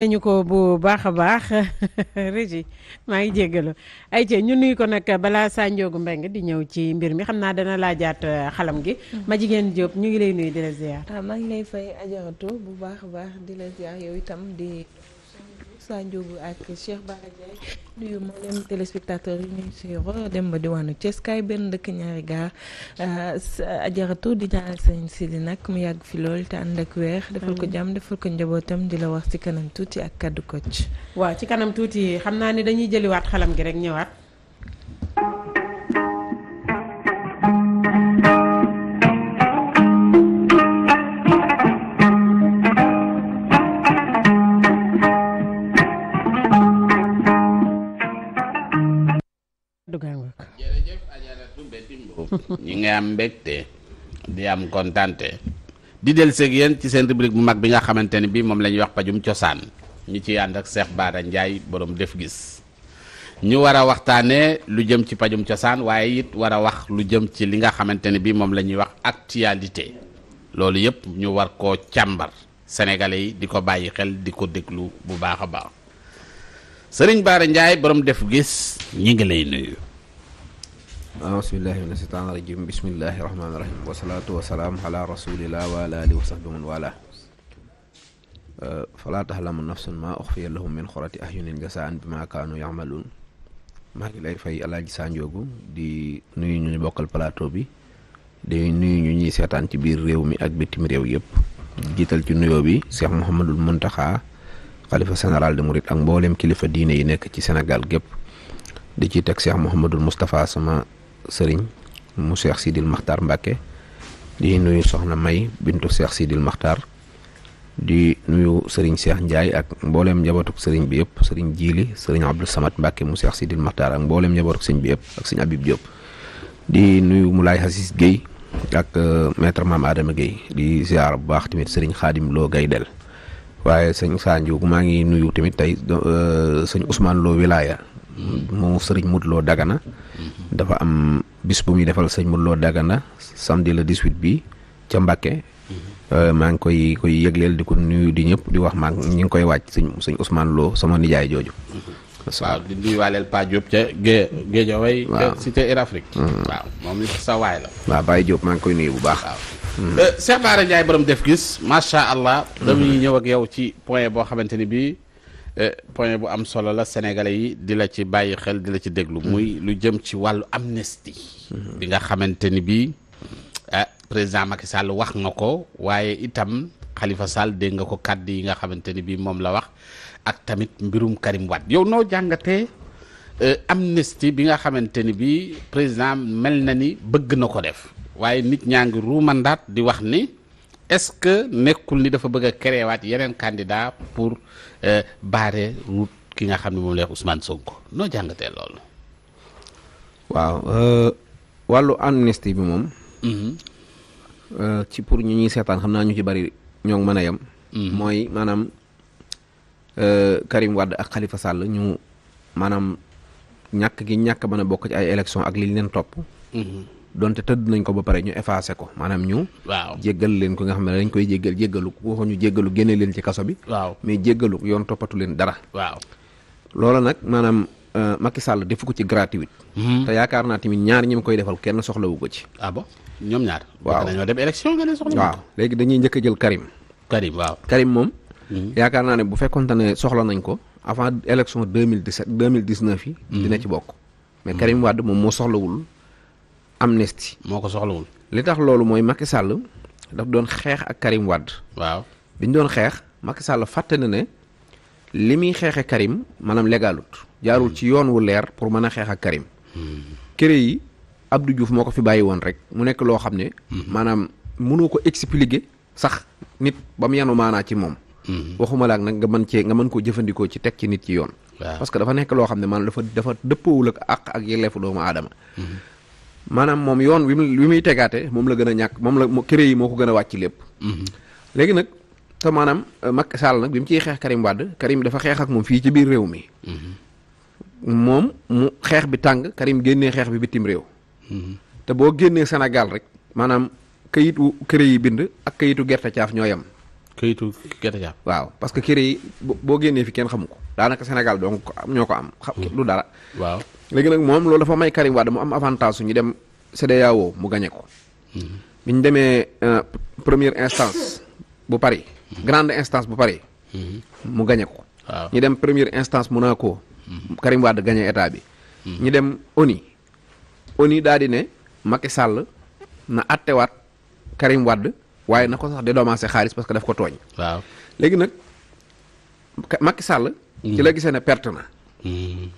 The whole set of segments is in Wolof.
nañu ko bu baax a baax régi maa ngi jéggalu ay ci ñu nuyu ko nag balaa Sa Ndiogou Mbengue di ñëw ci mbir mi xam naa dana laajaat euh, xalam gi mm-hmm. ma jigéen Diop ñu ngi lay nuyu di la ziar. Ah, maa ngi lay fay ajaratu bu baax baax di la ziar yow itam di Moussa Ndiogu ak Cheikh Bara Ndiaye nuyu mboolem téléspectateurs yi ñuy suivre dem ba diwaanu Thiès kaay benn dëkk ñaari gaar euh, ajaratu di ñaanal sëñ Sidi nag mu yàgg fi lool te ànd ak weer. defal ko jàmm defal ko njabootam di la wax ci kanam tuuti ak kaddu coach. waaw ci kanam tuuti xam naa ni dañuy jëliwaat xalam gi rek ñëwaat. ñi ngi am mbégte di am kontante di del seeg yéen ci seen rubrique bu mag bi nga xamante ni bii moom la ñuy wax pajum cosaan ñu ci ànd ak Cheikh baara Ndiaye boroom def gis ñu war a waxtaanee lu jëm ci pajum cosaan waaye it war a wax lu jëm ci li nga xamante ni bii moom la ñuy wax actualité loolu yëpp ñu war koo càmbar sénégalais yi di ko bàyyi xel di ko déglu bu baax a baax Serigne Bara Ndiaye borom def gis ñi ngi lay nuyu. aasbillahi mina seytaan rajim bismillahi rahmaani rahim wasalaatu wasalaam ala rasulillah wa ala alihi wa sahbi man wala falaa taxlamu nafsun maa uxfiya lahum min bi maa kaanu yamaluun maa ngi lay fay alaaji Sanjoogu di nuyu ñu ñu bokkal plateau bi di nuyu ñu ñuy seetaan ci biir réew mi ak bitim réew yëpp jiital ci nuyo bi Cheikh Mouhamadul Muntaxa xalifa général de Mouride ak mboolem kilifa diine yi nekk ci Sénégal gépp di ci teg Cheikh Mouhamadul Moustapha sëriñ mu Cheikh Sidil Maxtaar Mbàkke di nuyu soxna May bintu Cheikh Sidil Maxtaar di nuyu sëriñ seex Ndiaye ak mbooleem njabootug sëriñ bi yëpp sëriñ Jiili sëriñ Abdou Samad Mbàkke mu Cheikh Sidil Maxtaar ak mbooleem njabootug sëñ bi yëpp ak sëñ Abib Diop di nuyu Moulay Hassis Guèye ak euh, maître maam Adama Guèye di ziar bu baax tamit sëriñ Xaadim Lo Gaydel waaye sëñ Sanju maa ngi nuyu tamit tey euh, sëñ Ousmane Lo Wilaya moomu sëriñ Modou loo Dagana dafa am bis bu muy defal sëriñ Modou Lo Dagana samedi le 18 bi ca Mbàkke euh, maa ngi koy koy yëgleel di ko nuyu di ñëpp di wax maa ngi ngi koy wàcc sëñ sëñ Ousmane Lo sama nijaay jooju waaw di nuyuwaaleel Pa Diop ca Gé Géejawaay waaw cité Air Afrique hmm. waaw moom it la waaw Baye Diop maa ngi koy nuyu bu baax hmm. euh, Cheikh Bara Ndiaye def gis macha allah hmm. dañuy ñëw ak ci point boo xamante ni bii Eh, point bu am solo la sénégalais yi di la ci bàyyi xel di la ci déglu mm. muy lu jëm ci wàllu amnistie mm-hmm. bi nga xamante ni bii eh, président Macky Sall wax nga ko waaye itam xalifa Sall dégg nga ko kàdd yi nga xamante ni bii moom la wax ak tamit mbirum Karim wat yow noo jàngatee eh, amnistie bi nga xamante ni bii président mel na ni bëgg na ko def waaye nit ñaa ngi ruumandaat di wax ni est-ce que nekkul ni dafa bëgg a créer waat yeneen candidat pour euh, barrer route ki nga xam ne moom lay wax Ousmane Sonko noo jàngatee loolu. waaw euh, wàllu amnistie bi moom. Mm-hmm. Euh, ci pour ñu ñuy seetaan xam naa ñu ci bari ñoo mën a yem. Mm-hmm. mooy maanaam Karim Wade ak Khalifa Sall ñu maanaam ñàkk gi ñàkk mën a bokk ci ay élection ak lii leen topp. Mm-hmm. donte tëdd nañ ko ba pare ñu effacé ko maanaam ñu. waaw jéggal leen ko nga xam ne dañ koy jéggal jéggalu ko ko ñu jéggalu génne leen ci kaso bi. waaw mais jéggalu yoon toppatu leen dara. waaw loola nag maanaam euh, Macky sàll defu ko ci gratuit. Mhm. te yaakaar naa tamit ñaar ñi mu koy defal kenn soxlawu ko ci. ah ñoom ñaar. waaw dañoo dem élection nga ne soxla waaw léegi dañuy njëkk a jël Karim. Karim waaw Karim moom. Mhm. yaakaar naa ne bu fekkonte ne soxla nañ ko avant élection 2017 2019 yi. Mhm. dina ci bokk. mais Karim Wade moom moo soxlawul. amnistie. moo ko soxlawul. li tax loolu mooy Macky Sall daf doon xeex ak Karim wàdd waaw bi ñu doon xeex Macky Sall fàtte na ne li muy xeexee Karim maanaam légalut jaarul ci yoon wu leer pour mën a xeex ak Karim. kër yi Abdou juuf moo ko fi bàyyi woon rek mu nekk loo xam ne. maanaam mënoo ko expliquer sax nit ba mu yanu maanaa ci moom. waxuma la ak nag nga mën cee nga mën koo jëfandikoo ci teg ci nit ci yoon. parce que dafa nekk loo xam ne maanaam dafa dafa dëppoowul ak àq ak yelleefu doomu aadama. maanaam moom yoon wi muy wi muy tegaate moom la gën a ñàkk moom la këré yi moo ko gën a wàcc lépp. Mhm. léegi nag te maanaam euh, Macky Sall nag bi mu ciy xeex Karim Wade Karim dafa xeex ak moom fii ci biir réew mi. Mhm. moom mu xeex bi tàng Karim génnee xeex bi bitim réew. Mhm. te boo génnee senegal rek maanaam kayitu këré yi bind ak kayitu gerte caaf ñoo yam kayitu gerte caaf. waaw parce que këré yi boo génnee fi kenn xamu ko daanaka Sénégal donc ñoo ko am. du dara waaw. léegi nag moom loolu dafa may Karim Wade mu am avantage su ñu dem CEDEAO mu gagné ko. bi ñu demee euh, première instance bu Paris. grande instance bu Paris. mu gañe ko. waaw ñu dem première instance Monaco. Karim Wade gagné état bi. ñu dem ONU. ONU daal di ne Macky sàll na attewaat Karim Wade waaye na ko sax de dédommagé xaalis parce que def ko tooñ. léegi nag makki sàll ci la gisee ne perte na. Hmm.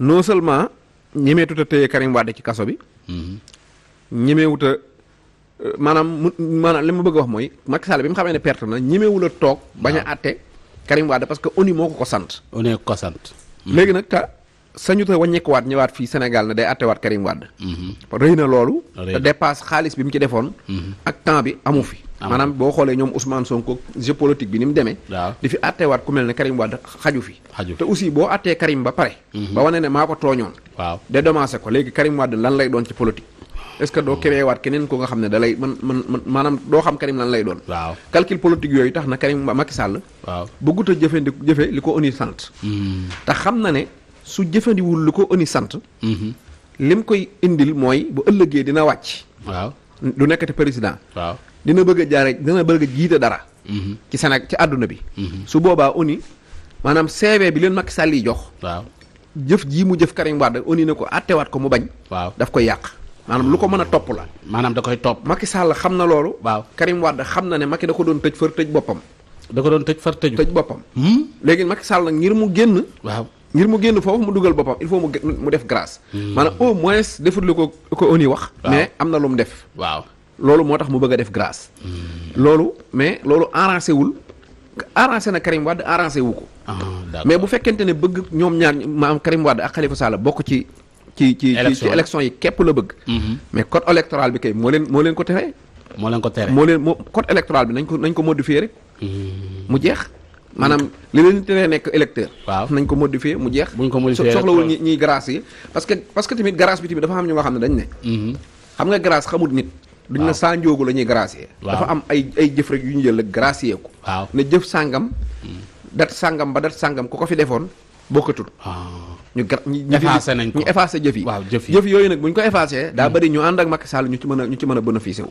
non seulement ñemeetut a téye Karim Wade ci kaso bi. Mhm. ñemeewut a euh, maanaam mu maanaam li ma bëgg a wax mooy Macky bi mu xamee ne perte na ñemewul a toog. bañ a àtte Karim parce que ONU moo ko ko sant. ONU ko sant. Mhm. léegi nag ta sañuta wàññeekuwaat ñëwaat fii Sénégal ne day àttewaat Karim Wade. Mhm. rëy na loolu. te xaalis bi mu ci defoon. ak temps bi amu fi. Ah. maanaam boo xoolee ñoom Ousmane Sonko jeu politique bi ni mu demee di fi attewaat ku mel ne Karim Wade xaju fi te aussi boo attee Karim ba pare mhm. ba wane ne maa ko tooñoon waaw dédommagé ko léegi Karim Wade lan lay doon ci politique est-ce que doo kebeewaat mhm. keneen ko nga xam ne da lay man man maanaam doo xam Karim lan lay doon waaw calcul politique yooyu tax na Karim Macky Sall waaw bëggut a jëfendi jëfe li ko ONU sant mhm. te xam na ne su jëfandiwul li ko ONU sant li mu koy indil mooy bu ëllëgee dina wàcc waaw du nekkati président waaw dina bëgg a jaare dina bëgg a jiite dara. Mhm. ci Sénégal ci àdduna bi. Mhm. su boobaa ONU maanaam CV bi leen Macky Sall yi jox. jëf jii mu jëf Karim Wade ONU ne ko àttewaat ko mu bañ. waaw daf koy yàq. maanaam lu ko mën a topp la. maanaam da koy topp. Macky sàll xam na loolu. waaw Karim xam na ne Macky da ko doon tëj fër tëj boppam. da ko doon tëj far tëju tëj boppam. Hmm? léegi Macky Sall nag ngir mu génn. waaw ngir mu génn foofu mu dugal boppam il faut mu def grâce. Hmm. maanaam au moins defut lu ko ko ONU wax. am na lu mu def. waaw loolu moo tax mu bëgg a def grâce. loolu mais loolu arrangé wul arrangé na Karim Wade wu ko. Ah, mais bu fekkente ne bëgg ñoom ñaar maam Karim Wade ak Khalifa Sall bokk ci. ci ci ci élection yi képp la bëgg. Mhm. mais code électoral bi kay moo leen moo leen ko tere. moo leen ko tere moo leen moo code électoral bi nañ ko nañ ko modifier rek. Mhm. mu jeex. maanaam li leen teree nekk électeur. waaw nañ ko modifier mu jeex. buñ ko modifier soxlawul ñi ñiy grâce yi. parce que parce que tamit grâce bi tamit am ñu nga xam ne dañ mhm. xam nga nit. duñ na saa njoogu la ñuy gracier dafa am ay ay jëf rek yu ñu jël la gracier ko waaw ne jëf sàngam hmm. dat sàngam ba dat sàngam ku ko fi defoon bokkatul ah. ñu gra effacé nañ ko ñu effacé jëf yi waaw jëf yooyu nag bu ñu ko effacé daa hmm. bëri ñu ànd ak Macky Sall ñu ci mën a ñu ci mën a bénéficié wu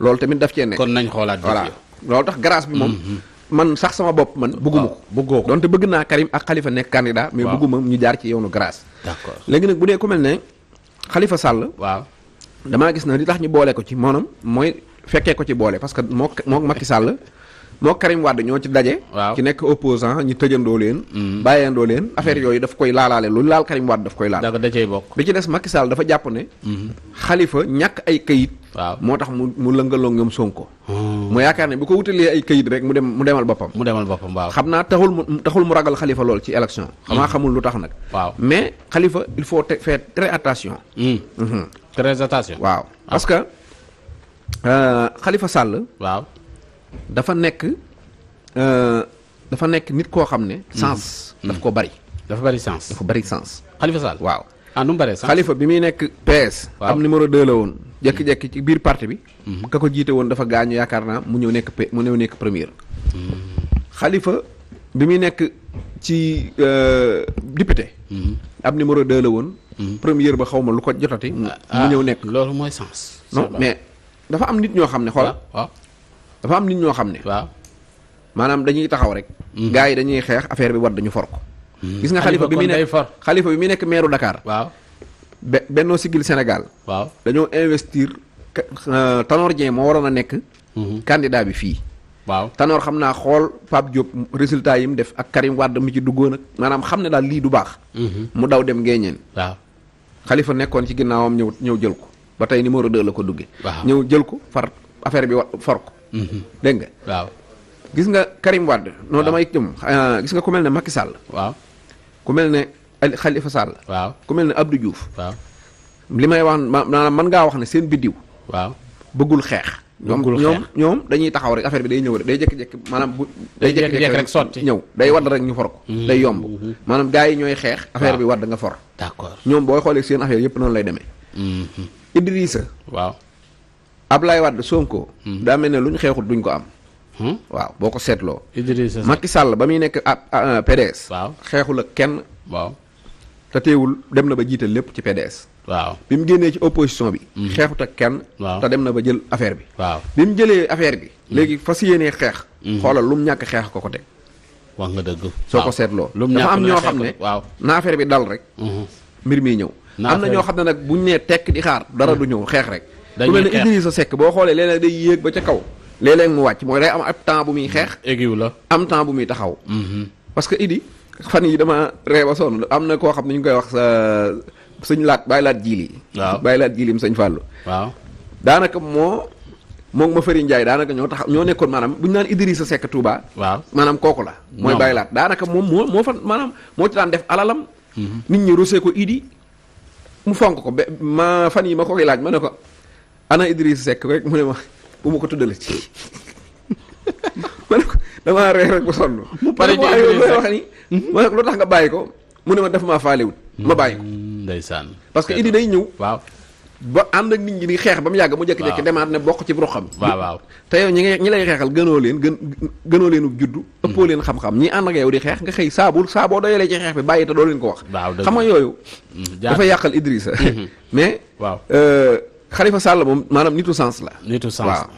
loolu tamit daf cee nekk kon nañ xoolaat voilà loolu tax grâce bi moom hmm, man sax sama bopp man bëgguma ko bëggoo donte bëgg naa Karim ak Khalifa nekk candidat mais bëgguma ñu jaar ci yoonu grâce léegi nag bu dee ku mel ne Sall waaw damaa gis na li tax ñu boole ko ci maanaam mooy fekkee ko ci boole parce que moo moo Macky Sall moo Karim Wade ñoo ci daje. waaw ci nekk opposant ñu tëjandoo leen. Mm-hmm. bàyyandoo leen affaire mm-hmm. yooyu daf koy laalaale lu laal Karim Wade daf koy laal. da cay bokk bi ci des Macky Sall dafa jàpp ne. Mm-hmm. xalifa ñàkk ay kayit. waaw moo tax mu mu lëngaloo ngëm Sonko. mu yaakaar ne bu ko wutalee ay kayit rek mu dem mu demal boppam. mu boppam waaw. xam naa taxul mu taxul mu ragal xalifa lool ci élection. xamaa xamul lu tax nag. waaw mais xalifa il faut faire très attention. très attention waaw ah. parce que xalifa euh, Sall. waaw dafa nekk euh, dafa nekk nit koo xam ne. Mm-hmm. sens daf ko bari. Mm-hmm. dafa bari sens dafa bari sens. Khalifa Sall waaw. ah nu mu baree bi muy nekk PS. waaw am numéro 2 la woon. Mm-hmm. jékki-jékki ci biir parti bi. ka ko jiite woon dafa gaañu yaakaar naa mu ñëw nekk mu ñëw nekk premier. Khalifa. bi muy nekk ci euh, député. am mm-hmm. numéro 2 la woon. Mm-hmm. première ba xaw ma lu ko jotati. Ah, mu ñëw ah, nekk loolu mooy sens. non mais dafa am nit ñoo xam ne xoolal. dafa am nit ñoo xam ne. maanaam dañuy taxaw rek. Mm-hmm. gars yi dañuy xeex affaire bi war dañu for gis nga xalifa bi muy nekk xalifa bi muy nekk maire dakaar waaw be Benno Siggil Sénégal. waaw dañoo investir. Euh, Tanor Dieng moo waroon a nekk. candidat bi fii. waaw Tanor xam naa xool Pape Diop résultat yi mu def ak Karim Wade mu ci duggoon ak maanaam xam ne daal lii du baax. Mhm. mu daw dem Ngéeñeen. xalifa nekkoon ci ginnaawam ñëw ñëw jël ko ba tey numéro 2 la ko duggee. waaw ñëw jël ko far affaire bi wa for mhm. dégg nga. waaw gis nga Karim Wade. non damay jëm euh, gis nga ku mel ne Macky Sall. ku mel ne Ali Khalifa Sall. waaw ku mel ne Abdou Diouf. waaw li may wax maanaam mën ngaa wax ne seen biddiw. waaw bëggul xeex. ñoom ñoom ñoom dañuy taxaw rek affaire bi day ñëw rek day jékki-jékki maanaam bu day jékki-jékki rek sotti ñëw day wadd rek ñu for ko mm-hmm. day yomb mm-hmm. maanaam gars yi ñooy xeex affaire bi wadd nga for d'accord ñoom booy xoolee seen affaire yëpp noonu lay demee mm-hmm. Idrissa waaw Ablaye Wade Sonko daa mel ne lu ñu xeexut duñ ko am hmm? waaw boo ko seetloo Idrissa Macky sàll ba muy nekk PDS waaw xeexul ak kenn waaw te dem na ba jiital lépp ci PDS waaw bi mu génnee ci opposition bi. Mhm. xeexut ak kenn. te dem na ba jël affaire bi. waaw bi mu jëlee affaire bi. Mhm. léegi fa fas yéenee xeex. Mhm. xoolal lu mu ñàkk xeex ko ko teg. wax nga dëgg. soo ko seetloo. lu mu ñàkk dafa am ñoo xam ne na affaire bi dal rek. mbir mi ñëw. am na ñoo xam ne nag buñ nee tekk di xaar dara du ñëw xeex rek. dañuy xeex ku mel ne Idrissa boo xoolee léeg-léeg day yéeg ba ca kaw. léeg mu wàcc mooy day am ak temps bu muy xeex. égiw la am temps bu muy taxaw. parce que Idi fan yi dama reeba sonn am na koo xam ne ñu koy wax euh, sëñ laat bàyyi laat jiili. waaw bàyyi laat jiilim sëñ Fallou. waaw daanaka moo moom ma fëri jaay daanaka ñoo tax ñoo nekkoon manaam bu ñu naan Idrissa Seck Touba. waaw maanaam kooku la. mooy bàyyi laat daanaka moom moo moo fa maanaam moo ci daan def alalam. Mm-hmm. nit ñi rusee ko mu fonk ko ba ma fan yi ma ko laaj ma ne ko ana Idrissa Seck rek mu ne ma ko tuddale ci ma ne ko damaa reer rek ba sonn. mu pare mm-hmm. bàyyi ko mu ne ma def maa faale ma bàyyi ko. ndeysaan parce que idi day ñëw waaw ba ànd ak nit ñi di xeex ba mu yàgg mu jékki-jékki demaat ne bokk ci roxam waaw waaw te yow ñi lay xeexal gënoo leen gën gënoo leenu juddu hmm. ëppoo leen xam-xam ñi ànd ak yow di xeex nga xëy saabul saaboo doyalee ci xeex bi bàyyi te doo leen ko wax xam nga yooyu hmm, dafa yàqal Idrissa hmm, mais waaw euh, Khalifa Sall moom maanaam nitu sens la nitu sens waaw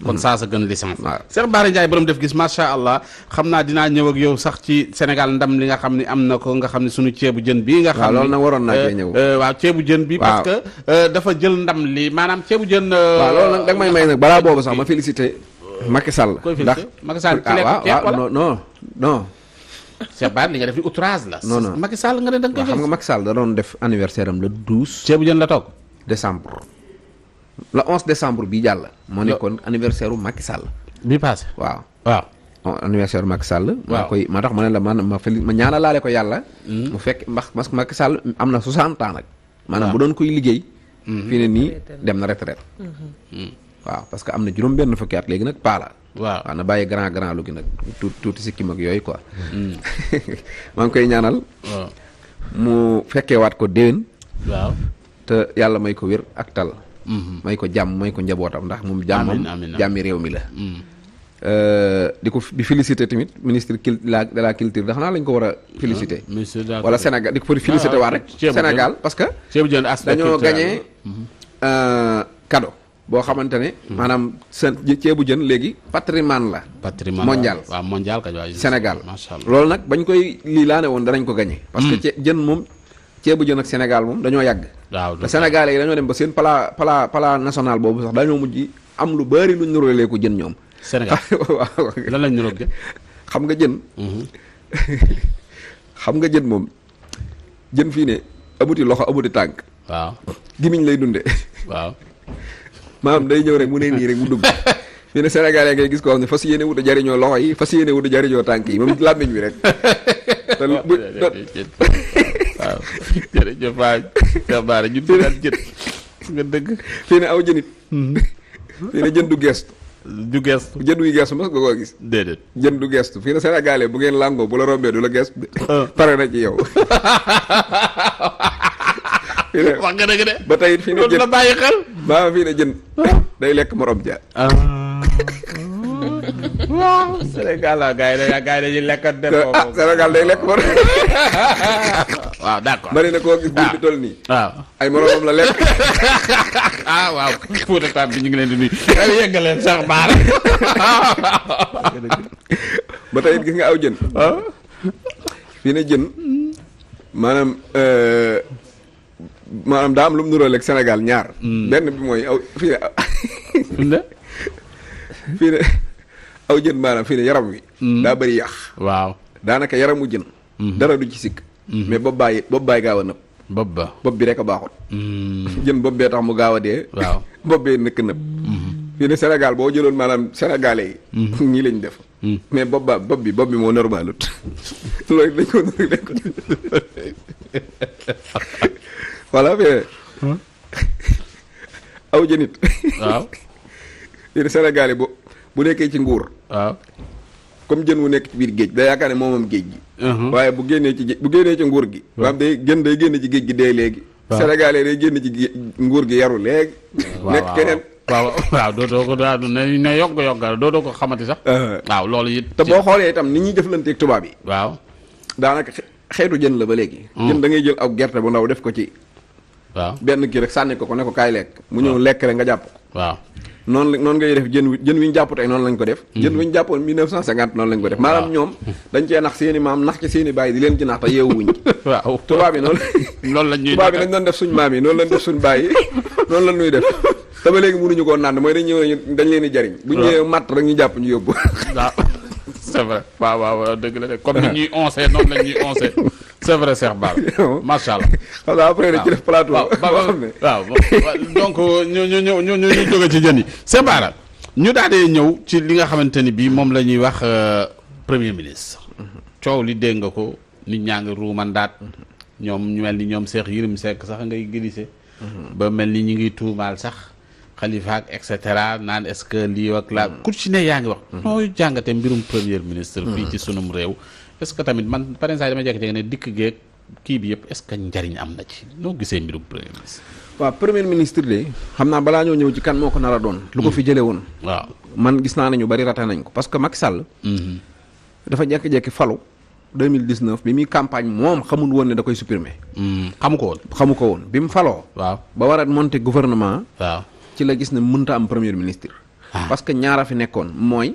kon saa sa gën licence waaw Cheikh Bara Ndiaye borom def gis macha allah xam naa dinaa ñëw ak yow sax ci Sénégal ndam li nga xam ni am na ko nga xam ni suñu ceebu jën bi nga xam loolu nag waroon naa euh, ñëw euh, waaw ceebu jën bi parce euh, dafa jël ndam li maanaam ceebu jën waaw loolu balaa boobu sax ma félicité Macky Sall ndax Macky Sall ah, ci lekk ceeb wala non non non Cheikh Bara li def ni la non non Macky Sall nga ne da xam nga Macky Sall da def anniversaire am le ceebu jën la toog décembre le 11 décembre bi jàll. moo nekkoon anniversaire u Macky Sall. bi passé waaw. waaw anniversaire Macky Sall. maa koy ma ne la ma fële ma ñaanalaale ko yàlla. Hmm. mu fekk ndax Macky Sall am na 60 ans nag. maanaam bu doon koy liggéey. Hmm. fii ne nii dem na retraite hmm. parce que am na juróom benn fukki at léegi nag paa la. waaw waaw na bàyyi grand grand lu nag tuuti tuuti mag yooyu quoi. maa ngi koy ñaanal. mu fekkee waat ko déwén. te yàlla may ko wér ak tal. Mm-hmm. may ko jàmm may ko njabootam ndax moom jàmmam jàmmi réew mi la mm-hmm. euh, di ko di féliciter tamit ministre de la culture ndax naa lañ ko war a féliciter ah, wala Sénégal di ko féliciter ah, waa rek Sénégal parce que dañoo gagné mm-hmm. euh, cadeau boo xamante ne maanaam seen ceebu jën léegi patrimoine la patrimoine mondial waaw mondial ka Sénégal loolu nag bañ koy lii laa ne woon danañ ko gañe parce mm. jën moom ceebu jën ak Sénégal moom dañoo yàgg. waaw yi dañoo dem ba seen palaa palaa palaa national boobu sax dañoo mujj am lu bari lu ñu ko jën ñoom. Sénégal waaw. lan xam nga jën. Mhm. xam nga jën moom jën fii ne amuti loxo amuti tànk. waaw gimiñ lay dunde waaw. day ñëw rek mu ne nii rek mu dugg. ñu ne Sénégalais ngay gis ko xam ne fas yéene wut jariñoo loxo yi fas yéene wut a jariñoo tànk yi moom làmmiñ wi rek. waaw jërëjëf waay Cheikh Bara nga dëgg fii ne aw jënit mhm. fii ne jën du gestu du gestu jën wuy gestu mos nga koo gis déedéet jën du gestu fii ne Sénégalais bu ngeen làngoo bu la rombee du la gestu ah. pare na ci yow wax nga dëgg de ba tey fii ne jën la bàyyi xel baa fii ne jën ah. day lekk morom ja ah. waaw Sénégal yi dañuy lekk dem Sénégal day lekk morom waaw d'accord bari na koo gis buur bi ah. toll nii ay moroomam la lekk ah, waaw Fouta Tamp bi ñu ngi leen di nuyu ay yeggaleen sax baar ba tey it gis nga aw jën ah. fii ne jën maanaam euh, maanaam daa am lu mu nuróo lekk Sénégal ñaar hmm. benn bi mooy aw fii ne aw jën maanaam fii ne yaram wi hmm. daa bëri yàq waaw daanaka yaramu jën hmm. dara du ci sikk Mhm. mais bopp baay bopp baay gaaw a nëb. bopp ba bopp bi rek a baaxut. Mhm. jën bopp bee tax mu gaaw a dee. waaw bopp bee nëkk nëb. Mhm. fii ne Sénégal boo jëloon maanaam sénégalais yi. ñii lañ def. mais bopp ba bob bi bob bi moo normalut loolu dañ ko aw jënit. waaw fii ne bu bu nekkee ci nguur. waaw. comme jën wu nekk ci biir géej da yaakaar ne moomam géej gi uh-huh. waaye bu génnee ci bu génnee ci nguur gi maanaam day gën day génn ci géej gi dee léegi sénégalais day génn ci nguur gi yaru léegi nekk keneen waaw waaw dootoo ko daa ne yokk yokk dootoo ko xamati sax uh-huh. waaw loolu it te boo xoolee itam ni ñuy jëflanteeg tubaab yi waaw daanaka xeetu jën la ba léegi mm. jën da ngay jël aw gerte bu ndaw def ko ci waaw benn kii rek sànni ko ko ne ko kaay lekk mu ñëw lekk rek nga jàpp ko waaw noonu la noonu ngay def jën jën wi ñu jàpp tey noonu lañ ko def mm. jën wi ñu jàppoon 1950 noonu lañ ko def maanaam ñoom dañ cee nax seen i maam nax ci seen i bàyyi di leen ci nax te yeewuñ waaw tubaab yi noonu lañ ñuy yi dañ doon def suñ maam yi noonu lañ def suñ bàyyi noonu lañ ñuy def te ba léegi mënuñu koo naan mooy dañ ñëw dañ leen di jariñ bu ñu ñëwee matt rek ñu jàpp ñu yóbbu waaw c'est vrai waaw waaw dëgg la de comme ni ñuy onse noonu la ñuy onse c'est vrai Cheikh Bara allah. xam naa après dañu ci def plateau. waaw waaw donc ñu ñu ñu ñu ñu jóge ci jën yi Cheikh Bara ñu daal di ñëw ci li nga xamante ni bii moom la ñuy wax euh, premier ministre. coow li dégg nga ko nit ñaa ngi ruumandaat. ñoom ñu mel ni ñoom Cheikh Yérim Seck sax ngay glissé. Mhm. ba mel ni ñu ngi tuumaal sax. Khalifa ak et cetera naan est-ce que lii ak la ku ci ne yaa ngi wax. noo jàngate mbirum premier ministre. fii ci sunum réew. est que tamit man par exemple dama jékki-jékki ne dikk geeg kii bi yëpp est-ce njariñ am na ci noo gisee mbirum premier ministre. waaw premier ministre de xam naa balaa ñoo ñëw ci kan moo ko nar a doon. lu ko mm. fi jëlee woon. waaw man gis naa ne ñu bari rata nañ ko parce que Macky Sall. Mm-hmm. dafa jékki-jékki falu. 2019 bi muy campagne moom xamul woon ne da koy supprimer. Mm, xamu ko woon xamu ko woon bi mu faloo. waaw ba a ci la gis ne mënta am première ministre. Ah. parce que ñaara fi nekkoon mooy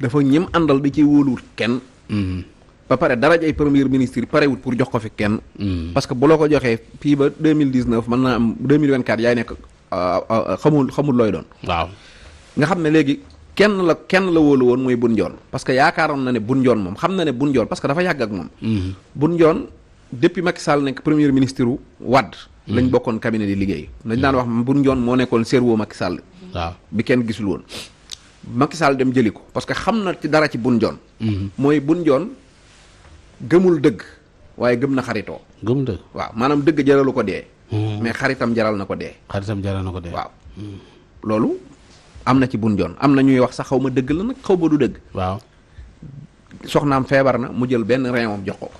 dafa ñëm àndal di ciy wóoluwut kenn. Mm-hmm. ba pare dara ay premier ministre parewut pour jox ko fi kenn. Mm-hmm. parce que bu la ko joxee fii ba deux mille dix neuf mën naa am deux mille vingt quatre yaay nekk euh, euh, xamul xamul looy doon. waaw nga xam ne léegi. kenn la kenn la wóolu woon mooy bun njoon parce que yaakaaroon na ne bun njoon moom xam na ne bun njoon parce que dafa yàgg ak moom. Mm-hmm. bun njoon depuis Macky Sall nekk premier ministre wu lañ bokkoon cabinet di liggéey dañ daan wax Boun Dionne moo nekkoon cerveau Macky Sall waaw bi kenn gisul woon Macky Sall dem jëli ko parce que xam na ci dara ci Boun Dionne mhm. mooy Boun Dionne gëmul dëgg waaye gëm na xaritoo gëm dëgg waaw maanaam dëgg jaralu ko dee mhm. mais xaritam jaral na ko dee xaritam jaral na ko dee waaw mhm. loolu am na ci Boun Dionne am na ñuy wax sax xaw ma dëgg la nag xaw ma du dëgg waaw soxnaam feebar na mu jël benn reewam jox ko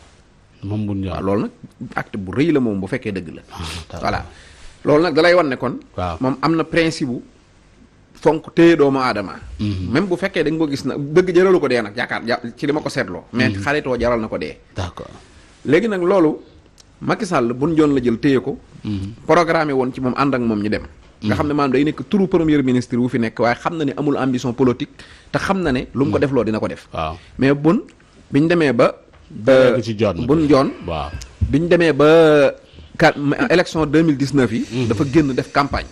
moom bun waaw loolu nag acte bu rëy la moom bu fekkee dëgg la ah, voilà loolu nag dalay wan ne kon moom am na principe bu fonk téye doomu aadama mhm. même bu fekkee da ko gis na dëgg jaralu ko dee nag yaakaar ci li ma ko seetloo mhm. mais xaritoo jaral na ko dee d'accord léegi nag loolu Macky Sall bun joon la jël téye ko mhm. programme woon ci moom ànd ak moom ñu dem nga xam ne ma maanaam day nekk tour premier ministre wu fi nekk waaye xam na ni amul ambition politique te xam na ne lu mu ko defloo dina ko def waaw mais bun biñ demee ba ba ci joon bun joon waaw bi ñu demee ba kat élection 2019 yi mhm. dafa génn def campagne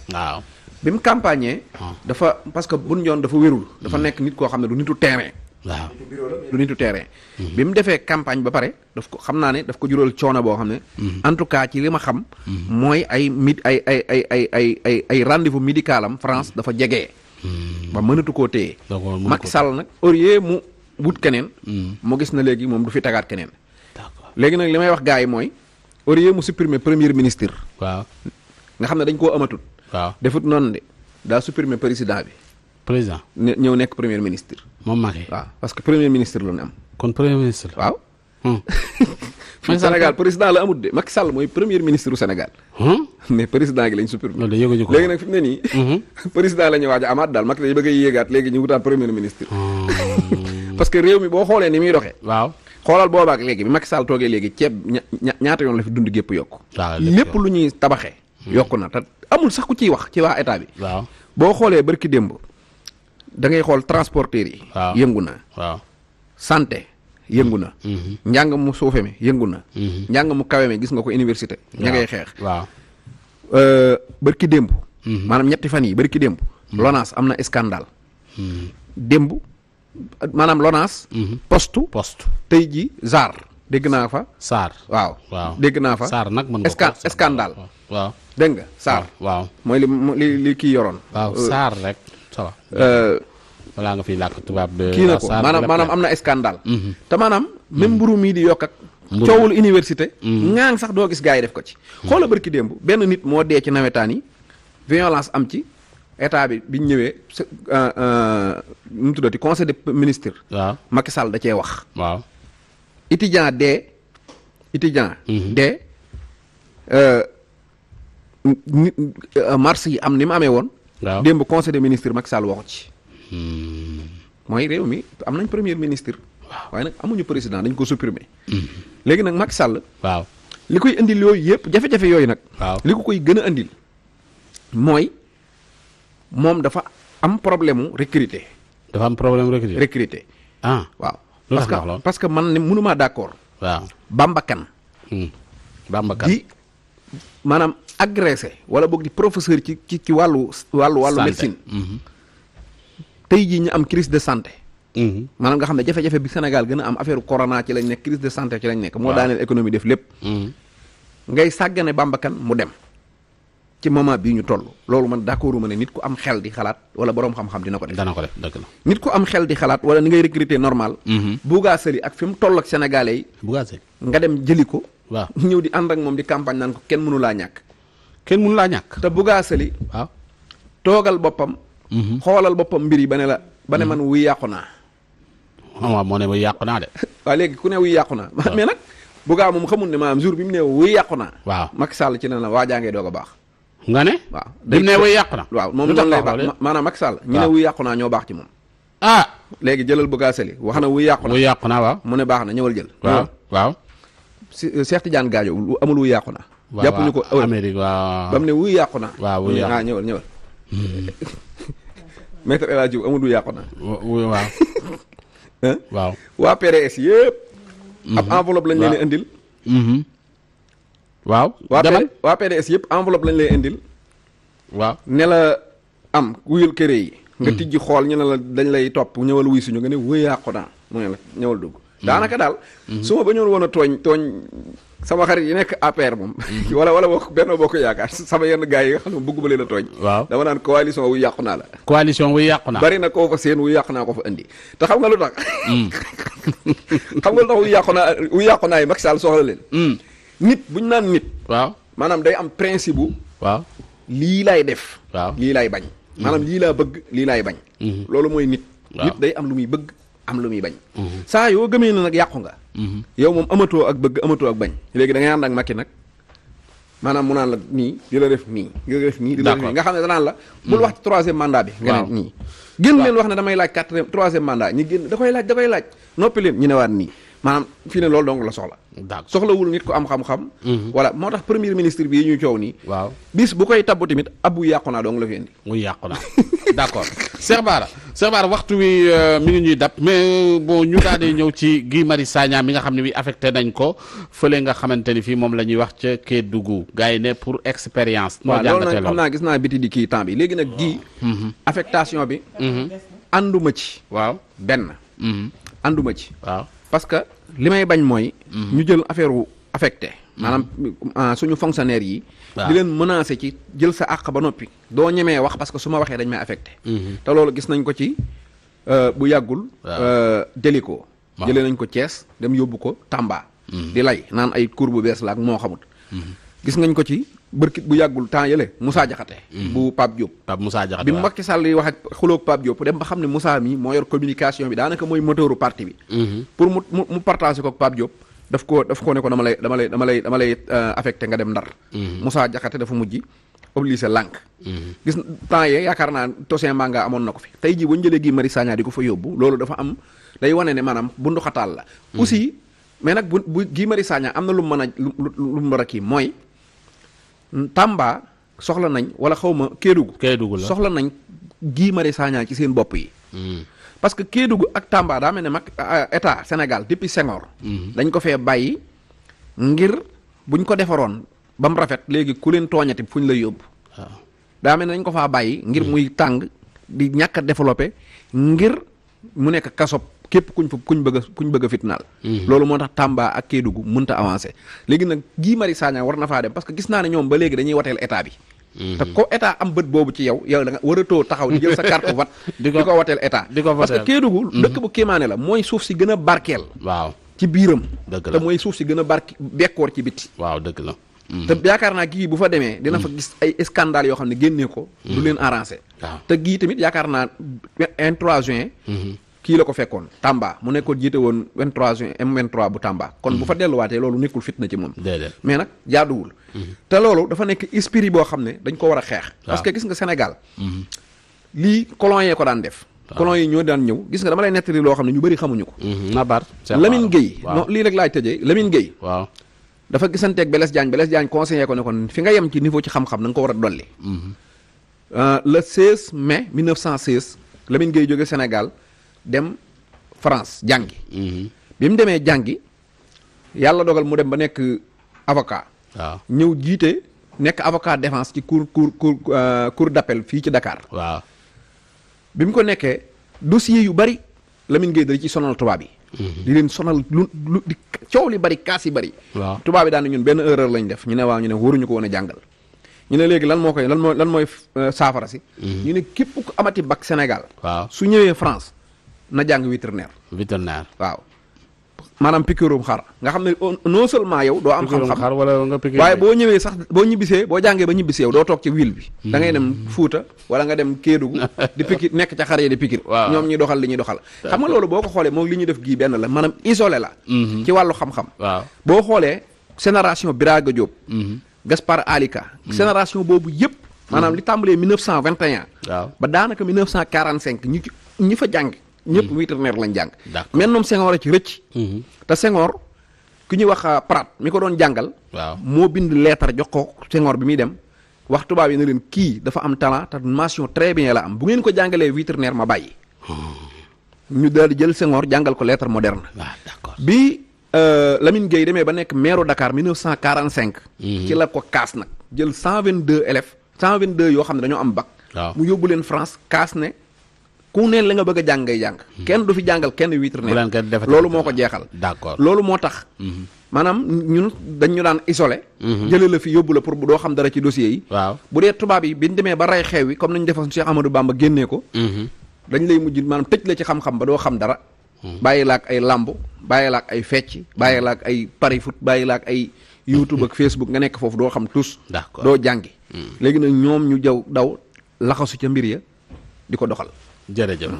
bi mu campagner ah. dafa parce que bun joon dafa wérul dafa mhm. nekk nit koo xam ne du nitu terrain waaw du nitu terrain mhm. bi mu defee campagne ba pare daf ko xam naa ne daf ko jural coono boo xam ne en tout cas ci li ma xam mooy ay mid ay ay ay ay ay ay ay rendez médical am France dafa jege ba mënatu koo téye Macky nag au mu wut keneen. mu hmm. gis na léegi moom du fi tagaat keneen. d'accord léegi nag li may wax gars yi mooy. au mu supprimer premier ministre. waaw nga xam ne dañ koo amatut. waaw defut noonu de daa supprimer président bi. président ñëw nekk premier ministre. moom Macky waaw parce que premier ministre la ñu am. kon premier ministre. waaw. Hmm. Macky Sénégal président la amut de Macky Sall mooy premier ministre du Sénégal. Hmm. mais président gi lañ supprimer. loolu yëngu léegi nag fi mu amaat daal Macky dañu bëgg yéegaat léegi ñu wutaat premier ministre. Mmh. parce que réew mi boo xoolee ni muy doxee. waaw xoolal boobaak léegi bi Macky Sall toogee léegi ceeb ña ñaata yoon la fi dund gépp yokk lépp lu ñuy tabaxee. Mmh. yokk na ta amul sax ku ciy wax ci waa état bi. waaw boo xoolee barki démb ngay xool transporteurs yi. yëngu na. waaw yëngu na. Mmh. mu suufe yëngu na. njàng mu gis nga ko université. ña ngay xeex. waaw euh, barki démb. maanaam ñetti fan yi bërki démb. Lonaas am na scandale. démb maanaam LONASE. poste mhm. post tey ji ZAR. dégg naa fa. SAR waaw. waaw dégg naa fa. SAR nag mën nga ko scandale waaw dégg waaw mooy li li kii yoroon. saar euh, SAR rek ça va. Euh, balaa nga fiy làkk tubaab kii na maanaam maanaam am na scandale. Mhm. te maanaam même mhm. mburu mii di yokk ak. coowul université. ñaang sax doo gis gaa yi def ko ci. xoola barki démb benn nit moo dee ci nawetaan yi violence am ci. état bi biñ ñëwee euh, euh, nu mu tuddati conseil des ministres. waaw Macky Sall da cee wax. waaw étudiant dee. étudiant mhm. dee. Euh, mars yi am ni mu amee woon. waaw démb conseil des ministres Macky Sall waxu ci. Hmm. mooy réew mi am nañ premier ministre. waaw waaye nag amuñu président dañ ko supprimer. Mhm. léegi nag Macky Sall. waaw li koy indil yooyu yëpp jafe-jafe yooyu nag. waaw li ko koy gën a indil mooy. moom dafa am problème mu recruter. dafa am problème recruter recruter. ah waaw. parce que man ni man mënumaa d'accord. waaw bambakan. Hmm. bambakan di maanaam agressé wala boog di professeur ci ci ci wàllu. wàllu wàllu médecine. Hmm. tey jii ñu am crise de santé. Hmm. maanaam nga xam ne jafe-jafe bi Sénégal gën a am affaire corona ci lañ nekk crise de santé ci lañ nekk. moo daaneel économie def lépp. ngay sàggane bambakan mu dem. ci moment bi ñu toll loolu man d'accorduma ne nit ku am xel di xalaat wala boroom xam-xam dina ko ko xel di xalaat wala ni ngay recruter normal mhm. Bouga Sali ak fi mu toll ak sénégalais yi nga dem jëli ko waaw ñëw di ànd ak moom di campagne naan ko kenn mënu laa ñàkk kenn mënu laa ñàkk te Bouga Sali waaw toogal boppam mhm. xoolal boppam mbir yi ba ne la ba ne mhm. man wuy yàqu naa ah, waaw moo ne wuy yàqu naa de waaw léegi ku ne wuy yàqu naa mais nag Bouga moom xamul ne maanaam jour bi mu ne wuy yàqu naa waaw Macky ci ne la waajaa ngay doog a baax nga ne. waaw bi mu ne wuy yàqu na. waaw moom noonu lay baax maanaam Macky Sall. ñu ne wuy yàqu naa ñoo baax ci moom. a ah! léegi jëlal bëgg a wax na wuy yàqu na yàqu na waaw. mu ne baax na ñëwal jël. waaw waaw. si euh, Cheikh Tidiane Gadio lu amul wuy yàqu na. waaw jàpp ñu ko Amérique waaw. ba mu ne wuy yàqu na. waaw wuy yàqu na ah, ñëwal ñëwal. maître El Hadj amul wuy yàqu na. waaw. waaw. waa PDS yëpp. Mhm. ab enveloppe lañ leen indil. Mhm. waaw demal waa PDS yëpp enveloppe lañ lay indil. waaw nela la am wuyul kër yi. Hmm. nga tijji xool ñu ne la dañ lay topp ñëwal wuy suñu nga ne wëyaaqo naa mu ne la ñëwal dugg hmm. daal hmm. su ba ñoon woon a tooñ tooñ sama xarit yi nekk APR moom wala wala bokk benn boo ko yaakaar sama yenn gars yi nga xam ne ba leen a tooñ waaw dama naan coalition wuy yàqu naa la coalition wuy yàqu naa bari na koo fa seen wuy yàqu naa ko fa andi te xam nga lu tax xam nga lu tax wuy yàqu yàqu naa yi Macky Sall soxla leen nit bu ñu naan nit. waaw maanaam day am principe bu. waaw lii laay def. waaw lii laay bañ. maanaam mhm. lii laa bëgg lii laay bañ. Mhm. loolu mooy nit. nit day am lu muy bëgg am lu muy bañ. Mhm. saa yoo gëmee na nag yàqu nga. yow moom amatoo ak bëgg amatoo ak bañ. léegi da ngay ànd ak Macky nag maanaam mu naan la nii di la def nii. di la def nii di la def nii nga xam ne danaan la. bul wax ci troisième mandat bi. nga ne nii. génn leen wax ne damay laaj quatrième troisième mandat ñi génn da koy laaj da koy laaj noppi leen ñu newaat nii. maanaam fii ne loolu dong la soxla soxlawul nit ko am xam-xam mhm. voilà moo tax premier ministre bi yi ñu coow nii waaw bis bu koy tabbu tamit abu yàqu naa dong la fi mu muy yàqu naa d'accord Cheikh Bara waxtu wi euh, mu ngi ñuy dab mais boo ñu daal ñëw ci Guy Marius Sagna mi nga xam ne bi affecte nañ ko fële nga xamante ni fii moom la ñuy wax ca Kédougou gars yi ne pour expérience noo jàngatee loolu xam naa gis naa biti di kii temps bi léegi nag gi mhm. affectation bi ànduma mhm. ci ci waaw parce li may bañ mooy. Mhm. ñu jël affaire wu affecté. Mhm. maanaam ah, suñu fonctionnaire yi. di leen menacer ci jël sa àq ba noppi. doo ñemee wax parce que su ma waxee dañ may affecté. Mhm. te loolu gis nañ ko ci euh, bu yàggul. déliko euh, jëlee nañ ko cees dem yóbbu ko Tamba. di lay naan ay cour bu bees la ak moo xamut. gis nañ ko ci. bërkit bu yàggul temps le Moussa Diakhaté hmm. bu Pape Diop Pape Moussa Diakhaté bi Macky Sall yi wax ak xuloog Pape Diop dem ba xam ne Moussa mi moo yor communication bi daanaka mooy moteuru parti bi hmm. pour mu mu partagé ko ak Pape Diop daf ko daf ko nekko ko dama lay dama lay dama lay euh, nga dem Ndar hmm. Moussa Diakhaté dafa mujj obligé lànk gis temps yee yaakaar naa Tosin Manga amoon na ko fi tey jii bu ñu jëlee gi Mari Sagna di ko fa yóbbu loolu dafa am day wane ne maanaam bu ndoxataal la aussi mais nag bu bu Guy Marius Sagna am na lu mën a lu lu mu kii mooy Tamba soxla nañ wala xaw ma Kédougou. Kédougou soxla nañ Guy Marius Sagna ci seen bopp yi. Hmm. parce que Kédougou ak Tamba daa mel ne mag état Sénégal depuis Senghor. Hmm. dañ ko fee bàyyi ngir buñ ko defaroon ba mu rafet léegi ku leen tooñati fuñ la yóbbu. waaw ah. daa mel ni dañ ko faa bàyyi. ngir hmm. muy tàng di ñàkk a développé ngir mu nekk kasob képp kuñ fa kuñ bëgg a kuñ bëgg a fitnaal mhm. loolu moo tax Tamba ak Kédougou mënta avancé léegi nag gii Marius Sagna war na faa dem parce que gis naa ne ñoom ba léegi dañuy wateel état bi mhm. te ko état am bët boobu ci yow yow da nga taxaw di jël sa carte wat di ko wateel état parce que Kédougou mhm. dëkk bu kéemaane la mooy suuf si gën a barkeel waaw ci biiram te mooy suuf si gën a barke bekkoor ci biti waaw dëgg la te yaakaar naa kii bu fa demee dina fa gis ay scandale yoo xam ne génnee ko du leen arrangé te gii tamit yaakaar naa un 3 juin kii la ko fekkoon Tamba mu nekkoon jiite woon 23 juin M23 bu Tamba. kon bu fa mhm. delluwaatee loolu nekkul fitna ci moom. mais nag jaaduwul. Mhm. te loolu dafa nekk esprit boo xam ne dañ ko war a xeex. parce que gis nga senegal mhm. lii colon yee ko daan def. colon yi ñoo daan ñëw gis nga dama lay nettali loo xam ne ñu bari xamuñu ko. nabar Lamine Gueye. non lii rek laay tëjee Lamine Gueye. waaw dafa gisanteeg Blaise Diagne Blaise Diagne conseiller ko ne kon fi nga yem ci niveau ci xam-xam ko war a dolli. Euh, le 16 mai 1916 Lamine Gueye jóge Sénégal dem France jàngi. Mhm. bi mu demee jàngi yàlla dogal mu dem ba nekk avocat. ñëw jiite nekk avocat défense ci cour cour cour euh, cour d'appel fii ci dakaar waaw bi mu ko nekkee dossier yu bari Lamine Gueye da ci sonal tubaab yi. Mhm. di leen sonal lu lu di coow li bari kaas yi bari. waaw tubaab yi daan ñun benn erreur lañ def ñu ne waaw ñu ne waruñu ko woon jàngal. ñu ne léegi lan moo koy lan mooy euh, saafara si. Mhm. ñu ne képp ku amati bac Sénégal. su ñëwee France na jàng vétérinaire. vétérinaire waaw. maanaam piqûrum xar nga xam ne non seulement yow doo am xam-xam xar wala nga waaye boo ñëwee sax boo ñibbisee boo jàngee ba ñibbisee yow doo toog ci wil bi hmm. da ngay dem fuuta wala nga dem kéedugu di pikir nekk ca xar yi di pikir ñoom ñuy doxal li ñuy doxal xam nga loolu boo ko xoolee moom li ñuy def gii benn la maanaam isolé la hmm. ci wàllu xam-xam boo xoolee génération Biraga Diop hmm. Gaspard Alika génération boobu yëpp maanaam li tàmbalee 1921 waaw ba daanaka 1945 ñu ñi fa jàng ñëpp mm-hmm. vétérinaire lañ jàng mais noom Senghor a ci rëcc mm-hmm. te Senghor ku ñu wax euh, Prat mi ko doon jàngal waaw moo bind leetar jox ko Senghor bi muy dem wax tubaab yi ne leen kii dafa am talent te mention très bien la am bu ngeen ko jàngalee vétérinaire ma bàyyi mm-hmm. ñu daal di jël Senghor jàngal ko lettre moderne waaw ah, d'accord bi euh, Lamine Gueye demee ba nekk maire Dakar 1945. ci la ko kaas nag jël 122 élèves 122 yoo xam ne dañoo am bac mu yóbbu leen France kaas ne ku ne la nga bëgg a jàng ngay jàng. Hmm. kenn du fi jàngal kenn witrinaire. loolu moo ko jeexal. d'accord loolu moo tax. Hmm. maanaam ñun dañ ñu daan isolé. Hmm. jëlee la fi yóbbu la pour bu doo xam dara ci dossier yi. waaw bu dee tubaab yi biñ demee ba rey xew wi comme nañu defoon Cheikh Amadou Bamba génnee ko. dañ lay mujj maanaam tëj la ci xam-xam ba doo xam dara. bàyyi laak ay làmb bàyyi laak ay fecc bàyyi laak ay pari foot bàyyi laak ay. YouTube ak Facebook nga nekk foofu doo xam tus. d'accord doo jàngi. léegi nag ñoom ñu jaw daw laxasu ca mbir ya di ko doxal. jërëjëf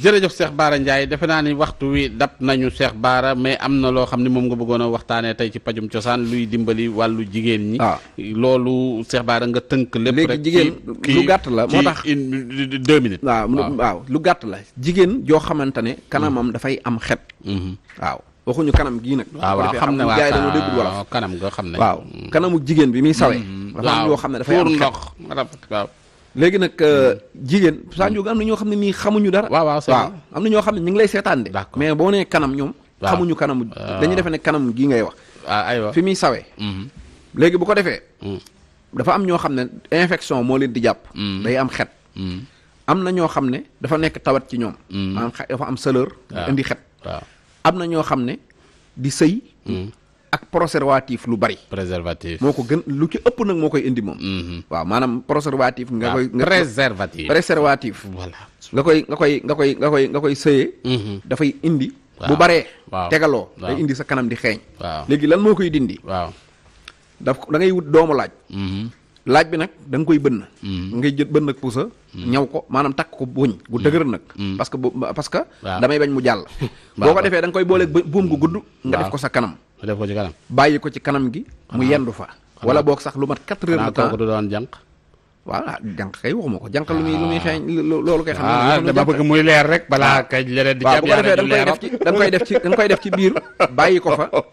jërëjëf Cheikh Bara Ndiaye defe naa ni waxtu wi dab nañu seex baara mais am na loo xam ne moom nga bëggoon a waxtaanee tey ci pajum cosaan luy dimbali wàllu jigéen ñi. Ah. loolu Cheikh baara nga tënk. lépp rek jigéen lu gàtt la moo tax une deux minutes. lu gàtt la jigéen joo xamante ne. kanamam mm-hmm. dafay am xet. Mm-hmm. waaw waxuñu kanam gii nag. waaw waaw xam ne waaw gars yi xam ne. waaw kanamu jigéen bi muy sawee. Mm-hmm. waaw dafa xam ne dafay am xet léegi nag euh, mm-hmm. jigéen mm-hmm. Sadio am na ñoo xam ne nii xamuñu dara. waaw waaw am na ñoo xam ne ñu ngi lay seetaan de. mais boo nee kanam ñoom. xamuñu kanam ah. dañuy defe ne kanam gii ngay wax. Ah, aywa fi muy sawee. Mm-hmm. léegi bu ko defee. Mm. dafa am ñoo xam ne infection moo leen di jàpp. day am xet. am na ñoo xam ne dafa nekk tawat ci ñoom. dafa am sëlër. indi xet. am na ñoo xam ne di sëy. ak préservatif lu bari. préservatif moo ko gën lu ci ëpp nag moo koy indi moom. Mhm. waaw maanaam préservatif. nga koy préservatif préservatif. voilà nga koy nga koy nga koy nga koy nga koy sëyee. Mhm. dafay indi. bu baree. tegaloo day indi sa kanam di xeeñ. waaw léegi lan moo koy dindi. waaw daf da ngay wut doomu laaj. Mhm. laaj bi nag da nga koy bënn nga jël bënn ak pusa ñaw ko maanaam takk ko buñ gu dëgër nag parce que parce que damay bañ mu jàll boo ko defee da nga koy booleeg buum gu gudd nga ko sa kanam def ko ci kanam bàyyi ko ci kanam gi mu yendu fa wala boog lu mat quatre heures de temps du doon jànq waaw ah, jànq kay lu muy lu loolu koy xam ne ah, muy leer rek balaa ah. kay leneen di jàpp bu ko defee fa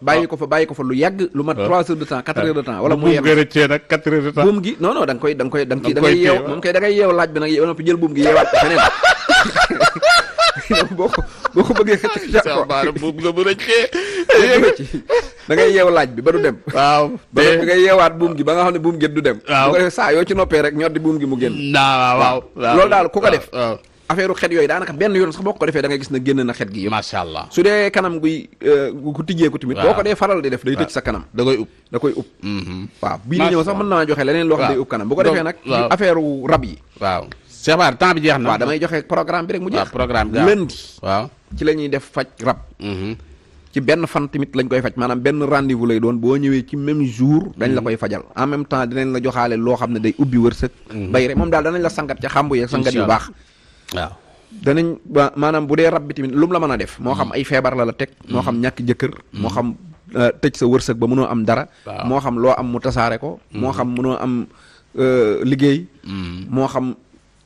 bàyyi ko fa lu yàgg lu mat trois de temps quatre de temps wala mu yendu buum gi rëccee nag quatre heures koy da koy da koy yeew laaj bi nag yow buum gi yeewaat feneen boo ko boo ko bëggee xëcc d'accord baara buub nga da ngay yeew laaj bi ba du dem waaw yeewaat buum gi ba nga xam ne buum gi du dem waaw bu ko ci noppee rek ñor di buum gi mu génn waaw waaw loolu daal ku ko def affaire xet yooyu daanaka benn yoon sax boo ko defee da ngay gis na génn na xet gi yëpp macha allah su dee kanam guy ku euh, tijjeeku tamit boo ko dee faral di def day tëj sa kanam da koy ub da koy ub mm-hmm. waaw bii di ñëw sax mën naa joxe leneen loo xam day ub kanam bu ko defee nag affaire rab yi waaw Cheikh Bara bi jeex na. waaw damay joxe programme bi rek mu jeex. programme ci la ñuy def faj rab. Mm-hmm. ci benn fan tamit lañ koy faj maanaam benn rendez-vous lay doon boo ñëwee ci même jour. dañ la mm-hmm. koy fajal en même temps dinañ la joxaale loo xam ne day ubbi wërsëg. Mm-hmm. bay moom daal danañ la sangat ca xàmbu yeeg sangat yu baax. waaw danañ ba maanaam bu dee rab bi tamit lum la mën a def. moo xam ay feebar la la teg. moo xam ñàkk jëkkër. moo xam euh, tëj sa wërsëg ba mënoo am dara. moo xam loo am mu tasaare ko. moo xam mënoo am euh, liggéey. moo xam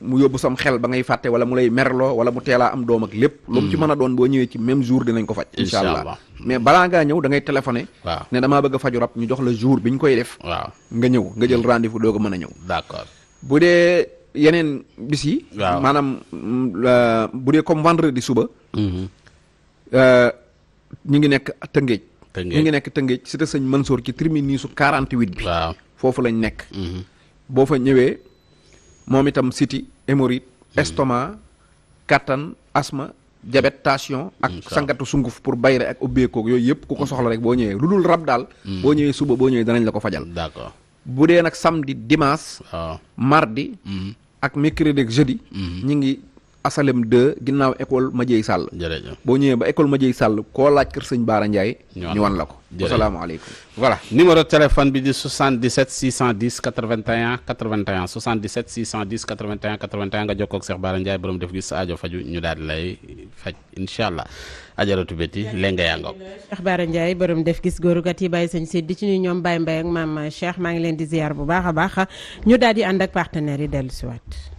mu yóbbu sam xel ba ngay fàtte wala mu lay merloo wala mu teelaa am doom ak lépp lu mu ci mm. mën a doon boo ñëwee ci même jour dinañ ko faj incha allah mais balaa ngaa ñëw da ngay ne damaa bëgg a faju rab ñu jox la jour bi ñu koy def nga ñëw nga jël rendez-vous doo ko mën a ñëw d'accord bu dee yeneen bis yi maanaam mm, bu dee comme di suba mm-hmm. euh, ñu ngi nekk Tëngéej ñu ngi nekk Tëngéej cité Sëñ Mansour ci terminus 48 bi waaw foofu lañ nekk mm-hmm. boo fa ñëwee moom itam siti hémorroïde hmm. estomac kattan asthme diabète tension ak sangatu sunguf pour bayre ak ubbeekoog yooyu yëpp ku ko hmm. soxla rek boo ñëwee lu dul rab daal hmm. boo ñëwee suba boo ñëwee danañ la ko fajal d'accord bu dee nag samedi dimanche ah. mardi ak mercredi ak jeudi ñi ngi asalem 2 ginnaaw école ma Sall. jërëjëf boo ñëwee ba école Madieye Sall koo laaj kër sëñ Baara Ndiaye. ñu wan la ko asalaamaaleykum. voilà numéro téléphone bi di 77 610 81 81 77 610 81 81 nga jokkoo ak Cheikh Baara Ndiaye borom def gis sa aajo faju ñu daal di lay faj incha allah. ajaratu béti lenga yaa ngoog Cheikh Baara def gis góorukat yi bàyyi sañ sédd di ci ñu ñoom Baye Mbaye ak maam Cheikh maa ngi leen di ziar bu baax a baax ñu daal di ànd ak partenaires yi dellu si waat